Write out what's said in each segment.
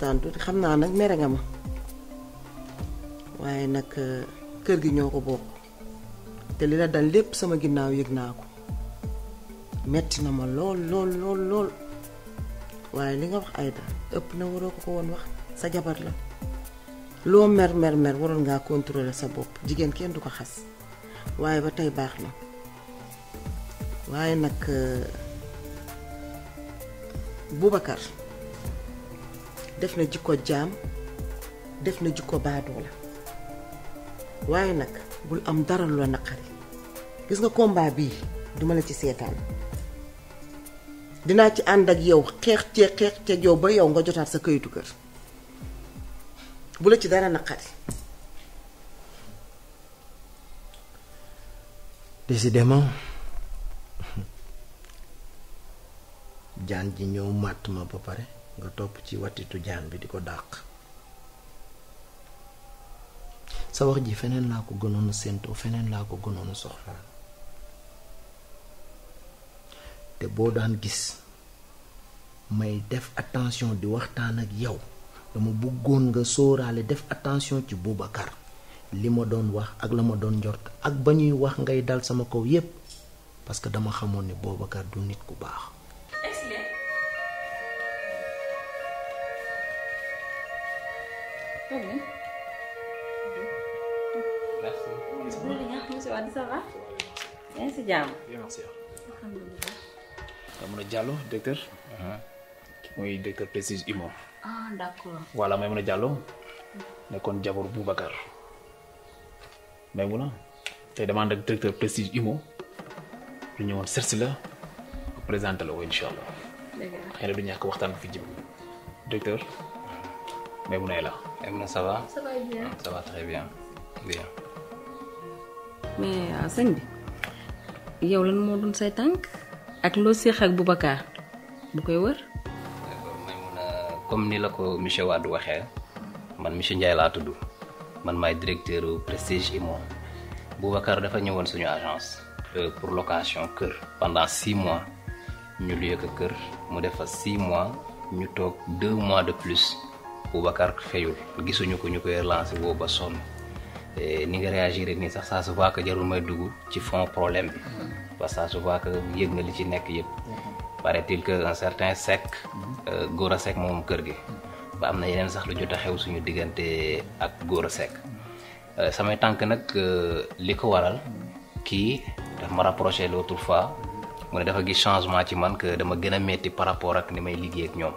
waxtaan tuuti xam naa nag mere nga ma waaye nag euh, kër gi ñoo ko bokk te li la dal lépp sama ginnaaw yëg naa ko metti na ma lool lool lool lool waaye li nga wax Aïda ëpp na waroo ko ko woon wax sa jabar la loo mer mer mer waroon ngaa contrôler sa bopp jigéen kenn du ko xas waaye ba tey baax na waaye nag euh, bubakar def na jikko jaam def na jikko baadoo waaye nag bul am dara lu la naqari gis nga combat bii duma la ci seetaan dinaa ci ànd ak yow xeex cee xeex cee yow ba yow nga jotaat sa këyitu kër bu la ci dara naqari décidément jaan ji ñëw màtt ma ba pare nga topp ci watitu jaan bi di ko dàq sa wax ji feneen laa ko gënoon a séentoo feneen laa ko gënoon a te boo daan gis may def attention di waxtaan ak yow dama bëggoon nga sóoraale def attention ci Boubacar li ma doon wax ak la ma doon njort ak ba ñuy wax ngay dal sama kow yépp parce que dama xamoon ni Boubacar du nit ku baax Tuh nih. Merci. Sebenarnya masuk ada salah. Ya sejam. Iya masih. Ya. Alhamdulillah. Maimouna Diallo directeur. mooy directeur prestige Imo. ah d' accord. voilà Maimouna Diallo nekkoon jabar Boubacar Maimouna tey dama ànd ak Imo ñu ñëwoon seet Et bien, ça va Ça va bien. Ça va très bien. Bien. Mais, Sandy, y a où le monde dans cette tanque Avec l'eau, c'est avec Boubacar. Boubacar est où comme ni la ko monsieur wad waxe man monsieur ndjay la tuddu man may directeur prestige immo boubacar dafa ñewon suñu agence euh, pour location cœur pendant 6 mois ñu lieu que cœur mu defa 6 mois ñu tok 2 mois de plus Boubacar fayul gisuñu ko ñu koy relancé woo ba sonn eh, ni nga réagir nii sax ça se voit que jarul may dugg ci fond problème bi parce que que yëg nga li ci nekk yëpp paraît-il que un certain sec euh, góor a sec moom kër gi ba am na yeneen sax lu jot a xew suñu diggante ak góor a sec euh, samay tànk nag euh, li ko waral kii daf ma rapproché l'autre fois mu ne dafa gis changement ci man que dama gën a metti par rapport ak ni may liggéey ak ñoom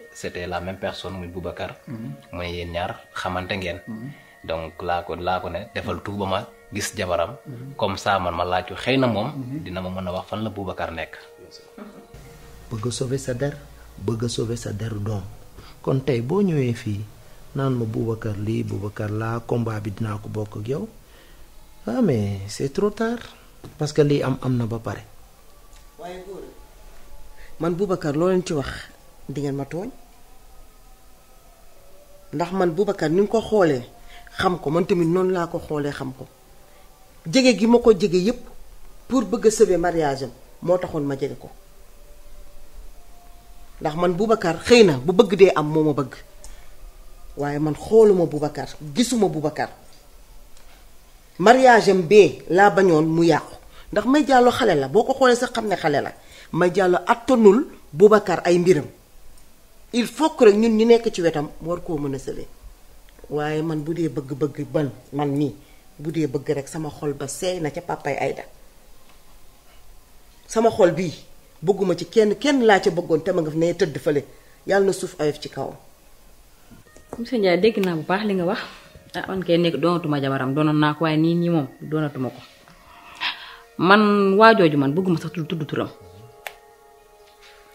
c'était la même personne muy Boubacar. mu mhm. ne yéen ñaar xamanté ngeen. Mhm. donc la ko la ko ne defal tout ma gis jabaram. Mhm. comme ça man ma laaj xeyna mom dina ma mën wax fan la Boubacar nek bëgg sauver sa der bëgg sauver sa deru doom kon tay bo ñëwee fi nan ma Boubacar li Boubacar la combat bi dina ko bokk ak yow ah mais c'est trop tard parce que li am am na ba pare. man Boubacar lo len ci wax di ngeen ma tooñ. ndax man Boubacar ni nga ko xoolee xam ko man tamit noonu laa ko xoolee xam ko jege gi ma ko jege yépp pour bëgg a sauver mariage am moo taxoon ma jege ko ndax man Boubacar xëy na bu bëgg dee am moo ma bëgg waaye man xooluma Boubacar gisuma Boubacar mariage am bee laa bañoon mu yàqu ndax may jàllo xale la boo ko xoolee sax xam ne xale la may jàllo attanul Boubacar ay mbiram il faut que rek ñun ñu nekk ci wetam war koo mën a sële waaye man bu dee bëgg-bëgg ban man nii bu dee bëgg rek sama xol ba seey na ca pàppaay Ayda sama xol bii bëgguma ci kenn kenn laa ca bëggoon te ma nga ne tëdd fële yàlla na suuf ayof ci kawam. monsieur Ndiaye dégg naa bu baax li nga wax ah man kay nekk doonatuma jabaram doonoon naa ko waaye nii nii moom doonatuma ko man waajooju man bëgguma sax tudd tudd turam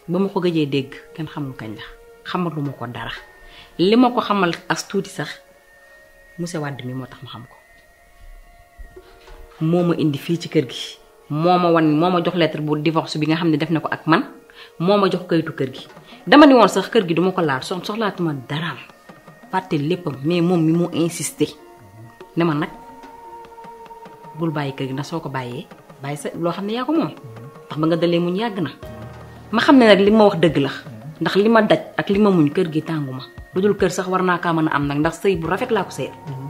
ba ma ko gëjee dégg kenn xamul kañ la. xamaluma ko dara lima ko xamal as tuti sax musse wad mi motax ma xam ko moma indi fi ci kër gi moma wan jox lettre bu divorce bi nga xamne def nako ak man moma jox kayitu kër gi dama ni won sax kër gi duma ko laar sox soxlaatuma dara fàtte léppam mais mom mi mo insister nema nak bul baye kër gi na soko baye baye sa lo xamne ya ko mom tax ba nga dalé mu ñag na ma xamne nak wax deug la ndax lima daj ak lima muñ kër gi tanguma lu kër sax warna ka mëna am nak ndax sey bu rafet la ko sey mm-hmm.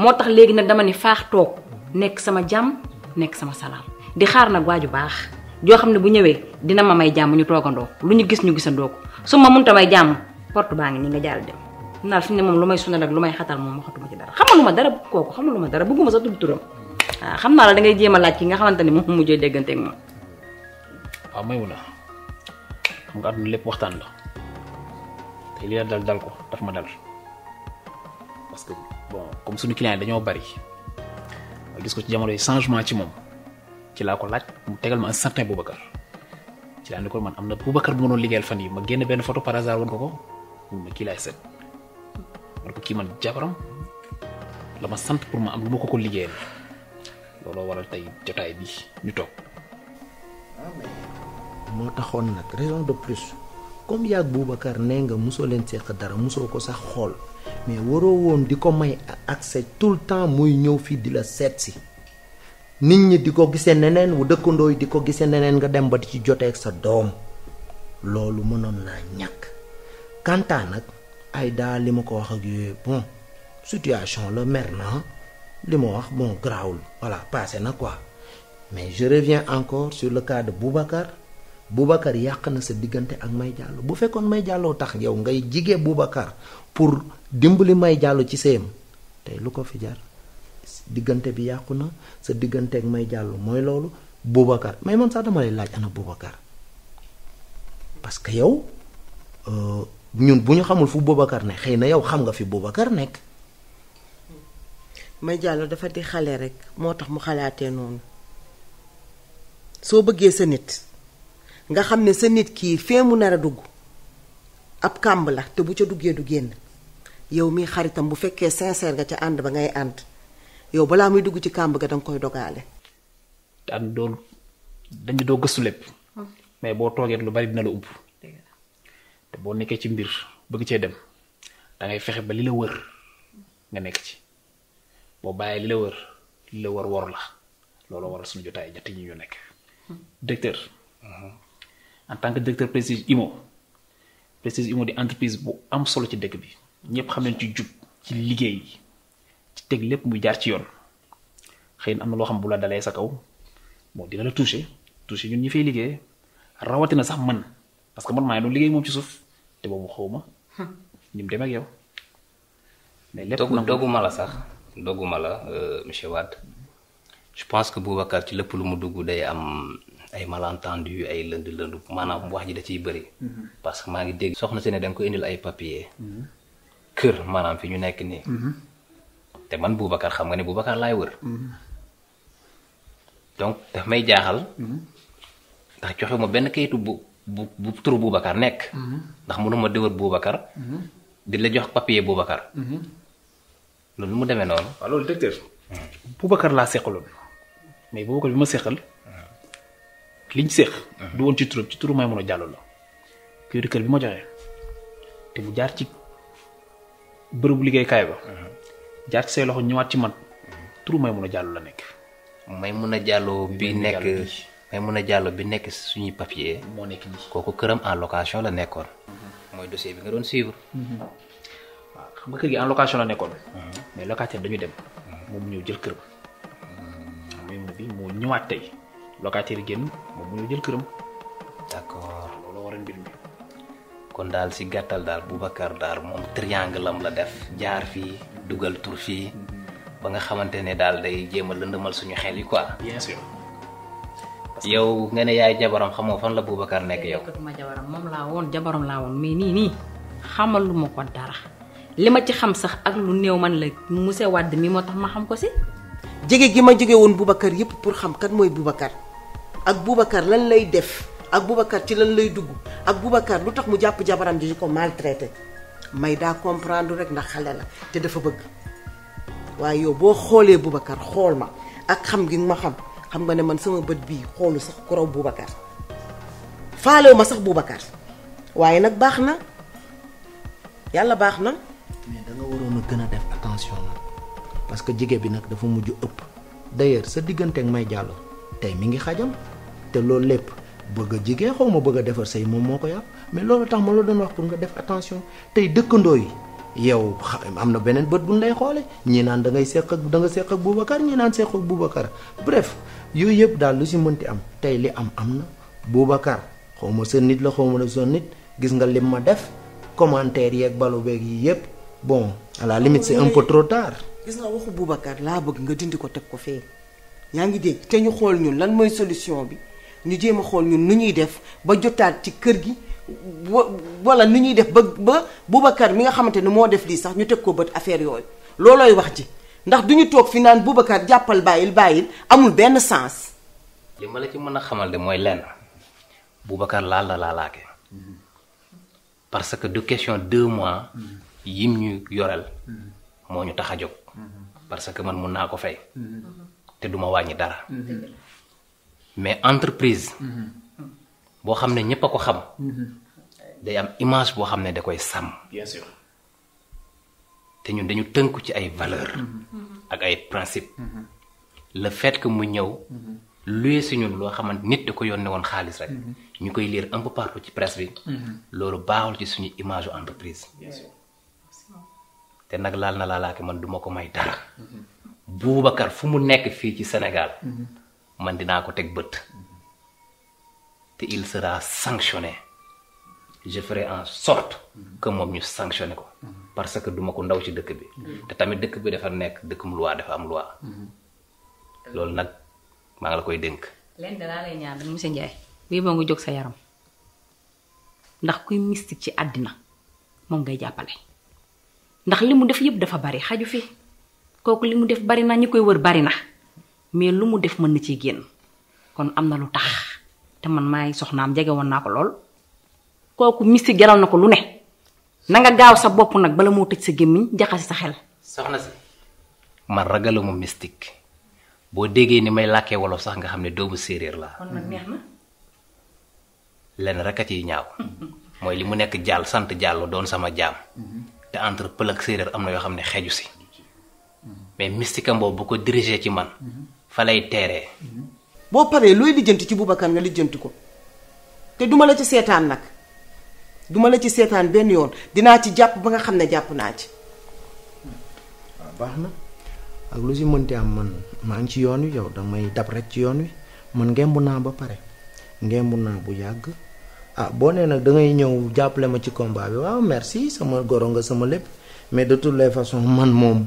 motax tax nak dama ni faax tok nek sama jam, nek sama salam. di xaar nak waju bax jo xamne ne bu ñëwee dina ma may jam ñu togando lu gis ñu gisandoo ko suma mën ta may jam porte baangi ni nga jàll dem naal fi ne mom lu may sunal ak lu may xatal waxatu ma ci dara xamaluma dara kooku xamaluma dara bëgguma sa tudd turam ah, xamna la da ngay jema laaj ki nga mu ak ah, xam nga àdduna lépp waxtaan la te li la dal dal ko daf ma dal parce que bon comme suñu client yi dañoo bari gis ko ci jamonoy changement ci moom ci laa ko laaj mu tegal ma un certain Boubacar ci laa man am na Boubacar bu ma doon liggéeyal fan yi ma génn benn photo par hasard woon ko ko mu ma kii laay set man ko kii man jabaram la ma sant pour ma am lu ma ko ko liggéeyal looloo waral tey jotaay bi ñu toog. Ah, moo taxoon nag raison de plus comme yaag Boubacar nee nga leen seq dara ko sax xool mais waroo woon di ko may accès tout le temps di la seet si ñi di ko gisee wu dëkkandoo yi di ko gisee nga dem ba di ci joteeg sa doom bon situation la mer na li ma wax bon voilà passé na quoi mais je reviens encore sur le cas de Boubacar Boubacar yàq na sa diggante ak May Diallo bu fekkoon May Diallo tax yow ngay jige Boubacar pour dimbali May Diallo ci séyam tey lu ko fi jar diggante bi yàqu na sa diggante ak May Diallo mooy loolu Boubacar mais man sax dama lay laaj ana Boubacar parce que yow euh, ñun bu ñu xamul fu Boubacar ne xëy na yow xam nga fi Boubacar nekk. May Diallo dafa di xale rek moo tax mu xalaatee noonu soo bëggee sa nit. nga xam ne sa nit kii fee mu nar a dugg ab kàmb la te bu ca duggee du génn yow mii xaritam bu fekkee sincère nga ca ànd ba ngay ànd yow balaa muy dugg ci kàmb ga danga koy dogaale. daan doon dañu doo gëstu lépp. mais boo toogee lu bari dina la ubb. te boo nekkee ci mbir bëgg cee dem dangay fexe ba li la wër nga nekk ci boo bàyyee li la wër li la wër wor la loolu waral suñu jotaay ñett ñi ñu nekk. docteur. en tant que directeur Prestige Imo Prestige Imo di entreprise bu am solo ci dëkk bi ñëpp xam nañ ci jub ci liggéey ci teg lépp muy jaar ci yoon xëy na am na loo xam bu la dalee sa kaw bon dina la touché touché ñun ñi fay liggéey rawatina sax man parce que man maa ngi doon ci suuf te boobu xaw ma ñu hmm. demee ak yow. mais lépp dogguma la sax dogguma la euh, monsieur Wade je pense que Boubacar ci lépp lu mu dugg day am. ay malentendu ay lënd lënd lendu wax hmm. ji hmm. da ci bëri. parce que ma ngi dégg soxna si dang ko indil ay papier. Hmm. kër manam fi ñu nekk ni te man Boubacar xam nga ne Boubacar lay wër. donc daf may jaaxal. ndax joxe ma benn kayitu bu bu bu turu Boubacar nekk. ndax mënuma di wër Boubacar. di la jox papier Boubacar. loolu mu démé non wa loolu docteur. Boubacar la seqaloon mais Boubacar bi ma séxal liñ séq. du woon ci turam ci turu Maimouna Diallo la. kër kër bi ma joxee te mu jaar ci liggéey liggéeykaay ba. jaar ci say loxo ñëwaat ci man turu Maimouna Diallo la nekk. Maimouna Diallo bi nekk Maimouna Diallo bi nekk suñuy papier. moo nekk nii kooku këram en location la nekkoon. Mhm. mooy dossier bi nga doon suivre. Mhm. waaw xam nga kër gi en location mhm. ñëwaat tey. locataire genn moom mu ñëw jël kërëm d'accord loolu waral mbir mi kon daal si gàttal daal Boubacar daal moom triangle am la def jaar fii dugal tur fii ba nga xamante ne daal day jéem a lëndëmal suñu xel yi quoi bien sûr yow nga ne yaay jabaram xamoo fan la Boubacar nekk yow ma jabaram moom laa woon jabaram laa woon mais nii nii xamaluma ko dara li ma ci xam sax ak lu néew man la monsieur mi moo ma xam ko si jege gi ma jege woon Boubacar yépp pour xam kan mooy Boubacar ak Boubacar lan lay def ak Boubacar ci lan lay dugg ak Boubacar lu mu japp jabaram ji di ko maltraité may da comprendre rek ndax xalé la te dafa bëgg way yo bo xolé Boubacar xol ma ak xam gi ma xam xam nga ne man sama bëtt bi xolu sax ku raw Boubacar faalew ma sax Boubacar waye nak baxna yalla baxna mais da nga warona gëna def attention nag parce que jigé bi nak dafa muju ëpp d'ailleurs sa digënté ak may jàllo tey mi ngi xajam te loolu lépp bëgg a jigee xaw ma bëgg a defar say moom moo ko yàq mais loolu tax ma la doon wax pour nga def attention tey dëkkandoo yi yow am na beneen bët bu lay xoole ñii naan dangay ngay seq ak danga nga seq ak Boubacar ñi naan seq ak Boubacar bref yooyu yëpp daal lu si mënti am tey li am am na Boubacar xaw ma sa nit la xaw ma la sa nit gis nga lim ma def commentaire yeeg balu beeg yi yëpp bon à la limite c'est un peu trop gis nga waxu Boubacar laa bëgg nga dindi ko teg ko fee. ñaa ngi dégg te ñu xool ñun lan mooy solution bi ñu jéem a xool ñun nu ñuy def ba jotaat ci kër gi wala ni ñuy def ba ba Boubacar mi nga xamante ni moo def lii sax ñu teg ko bët affaire yooyu loolooy wax ci ndax du ñu toog fi naan Boubacar jàppal bàyyil bàyyil amul benn sens. li ma la ci mën a xamal de mooy lenn Boubacar laal la laalaake parce que du question deux mois yim ñu yoreel moo ñu tax a jóg parce que man mun naa ko fay. te du ma wàññi dara. Mm-hmm. mais entreprise. Mm-hmm. boo xam ne ñëpp a ko xam. Mm-hmm. day am image boo xam ne da koy sàmm. bien te ñun dañu tënku ci ay valeurs. ak ay principes. le fait mu ñëw. luye si ñun loo xamante nit da ko yónnee woon xaalis rek. ñu koy liir un peu ci presse bi. loolu baaxul ci suñu image entreprise. te nag laal na laalaake man duma ko may dara. Boubacar fu mu nekk fii ci Sénégal mhm. man dinaa ko teg bët mhm. te il sera sanctionné je ferai en sorte mhm. que moom ñu sanctionné ko parce que duma ko ndaw ci dëkk bi te tamit dëkk bi dafa nekk dëkkum loi dafa am loi loolu nag maa ngi la koy dénk lenn dalaa lay ñaan dañ monsieur Ndiaye bii boo nga jóg sa yaram ndax kuy mystique ci àddina moom ngay jàppale ndax li def yëpp dafa bari xaju fi koku limu def bari na ñukoy wër bari na mais lu mu def mën na ci genn kon amna lu tax te man may soxnam jégé won nako ko koku misti mystique nako lu ne na nga gaaw sa bop nak bala mo tecc sa gémmiñ jaxasi sa xel. soxna si man ragaluma mystique bo déggé ni may laké wala sax nga xamné doobu doomu la kon nak neex na. lenn rek a ñaaw moy li mu nekk doon sama jam. Mhm. te entre pleuk ak amna yo xamné xéju ci mais mystique boobu bu ko dirigé ci man. fa lay teeree. boo paree looy lijjanti ci Boubacar nga lijjanti ko te duma la ci seetaan nag duma la ci seetaan benn yoon dinaa ci jàpp ba nga xam ne jàpp naa ci. Ah, baax na ak lu si mënti am man maa ngi ci yoon wi yow damay dab rek ci yoon wi man ngemb naa ba pare ngemb naa bu yàgg ah boo nee nag da ñëw jàppale ma ci combat bi waaw merci sama goro nga sama lépp mais de toutes les façons man moom.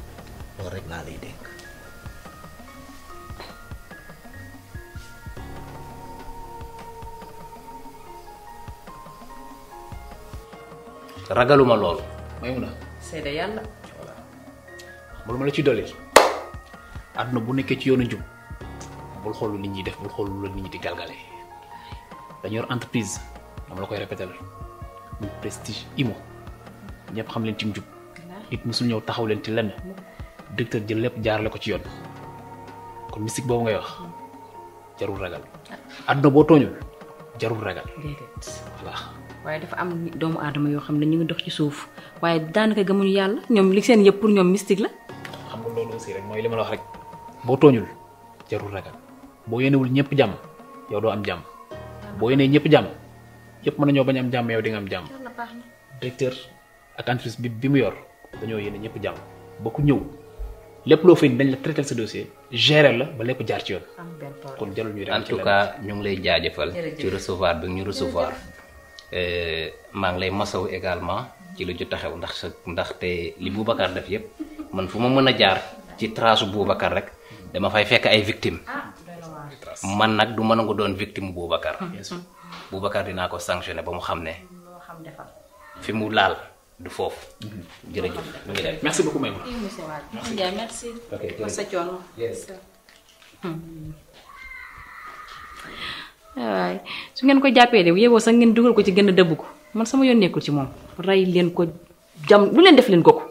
korek lali Raga ragaluma lool maymuna seede yàlla voilà xamul ma la malu dolli àdduna bu nekkee ci yoonu njub bul xool nit ñi def bul xool lu nit ñi di galgale dañu enterprise, entreprise dama la koy répété la prestige imo ñëpp xam leen ci njub musul ñëw taxaw leen ci directeur jël lepp jaarale ko ci yoon kon mystique bobu ngay wax jarul ragal ah. àdduna bo toñu jarul ragal déedéet waye dafa am doomu adama yo xamne ñu ngi dox ci suuf waye daanaka gëmuñu yalla ñom li seen yëpp pour ñom mystique la xam nga lolu aussi rek moy lima la wax rek bo tooñul jarul ragal bo yeneewul ñepp jam yow do am jam bo yene ñepp jam yëpp mëna ñoo bañ am jàmm yow di nga am jam directeur ak entreprise bi bi mu yor dañoo yene ñepp jam ba ku ñëw lépp loo fay dañ la traité sa dossier gérer la ba lépp jaar ci yoon. kon jarul ñuy en tout cas ñu ngi lay jaajëfal. ci recevoir bi ñu recevoir. Euh, maa ngi lay masaw également ci lu jot a xew ndax sa ndaxte li Boubacar def yépp man fu ma mën a jaar ci trace Boubacar rek dama fay fekk ay victimes ah, man nag du ma nangu doon victime Boubacar. Hmm, hmm, hmm. Boubacar dinaa ko sanctionné ba mu xam ne fi mu laal. du foofu. Mhm. jërëjëf mu ngi dem merci beaucoup Maïmouna. Hmm. su ngeen ko jàppee de yeboo sax ngeen dugal ko ci gën a dëbb ko man sama yoon nekkul ci moom. rey leen ko jam lu leen def leen ko ko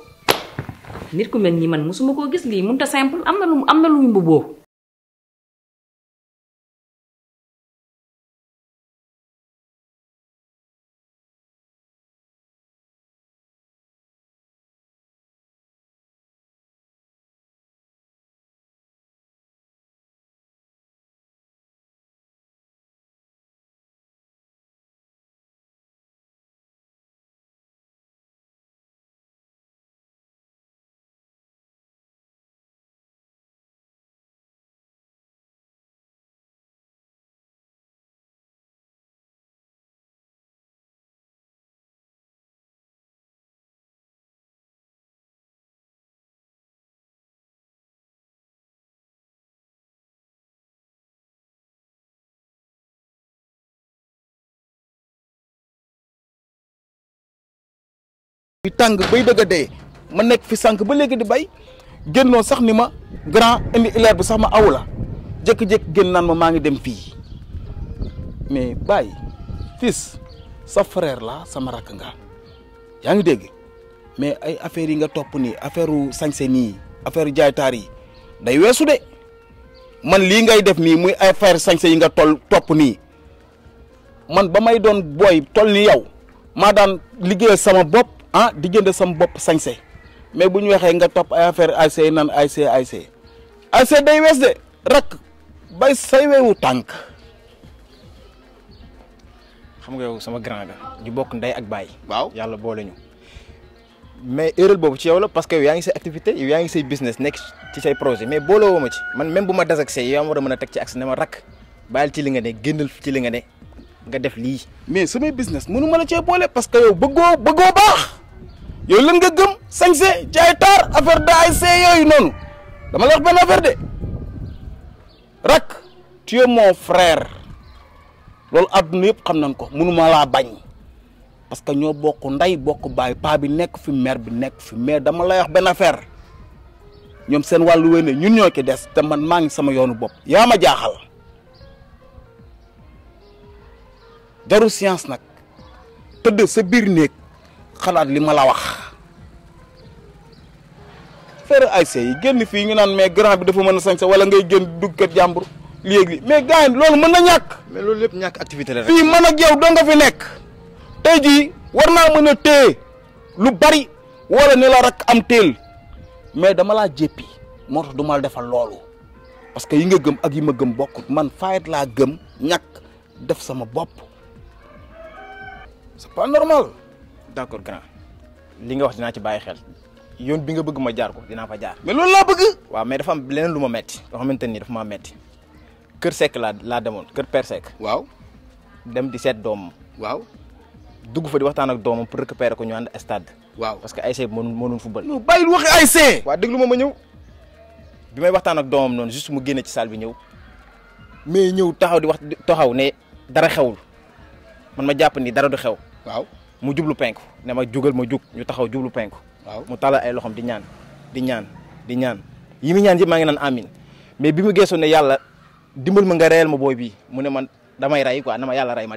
nit ku mel nii man mosuma koo gis lii mënut a simple am na lu am na lu mu mbubboo yu tang bay beug de ma nek fi sank ba legui di bay genno sax ni ma grand indi ileer bi sax ma awula jek jek gen nan ma mangi dem fi mais bay fils sa frère la sama rakk nga yaa ngi dégg mais ay affaire yi nga top ni affaireu ni affaire yi day wessu de man li ngay def nii muy affaire sañse yi nga tol top ni man bamay don boy tol ni yow ma dan sama bop ah di jënd sama bopp sañse mais bu ñu waxee nga topp ay affaire ASC ay ASC ASC ASC day wees de rakk bay say weewu tànk xam nga yow sama grand ga ñu bokk ndey ak baay waaw yàlla boole ñu mais erreur boobu ci yow la parce que yow yaa ngi say activité yow yaa ngi say business nekk ci say projet mais boole woo ma ci man même bu ma des ak say yow war a mën a teg ci accès ne ma rakk bàyyil ci li nga ne génnal ci li nga ne nga def lii mais samay business mënu yow lan nga gëm sañse jaay tar affaire ay ASC yoy non dama la wax ben affaire de rak tu es mon frère Lol aduna yëpp xam nañ ko mënuma la bañ parce que ñoo bokku nday bokku bay pa bi nek fi mer bi nek fi mer dama lay wax ben affaire ñom seen walu wéne ñun ñoo ki dess te man maangi sama yoonu bop Ya ma jaaxal daru science nak teud sa bir nek xalaat li ma la wax fere ay sey genn fi ñu naan mais grand bi dafa mëna a sañse wala ngay génn dugg kër jàmbur li mais gaay loolu mën mais loolu lepp ñak activité la rek. fi man ak yow do nga fi nek tay ji war naa mën a lu bari wala ne la rek am teel mais dama la jéppi motax du mal la defal loolu parce que yi nga gëm ak yi ma gëm bokku man fayet la gëm ñak def sama bop c'est pas normal d' accord grand li nga wax dinaa ci bàyyi xel yoon bi nga bëgg ma jaar ko dinaa fa jaar. mais loolu laa bëgg. waaw mais dafa am leneen lu metti dafa metti kër kër Père waaw dem di set dom. waaw dugg fa di waxtaan ak doomam pour récupérer ko ñu ànd stade. waaw parce que ASC mënu mënuñ football. non bàyyil waxi ASC. waaw déglu ma ma ñëw bi may waxtaan ak doomam noonu juste mu génne ci salle bi ñëw mais taxaw di wax taxaw ne dara xewul man ma jàpp ni dara du xew. waaw mu jublu penku ne ma jugal ma jug ñu taxaw jublu penku waaw mu tala ay loxom di ñaan di ñaan di ñaan yi ñaan ji ma ngi nan amin mais bi mu geesoo ne yalla dimbal ma nga reyal ma boy bi mu ne man damay ray quoi na yalla ray ma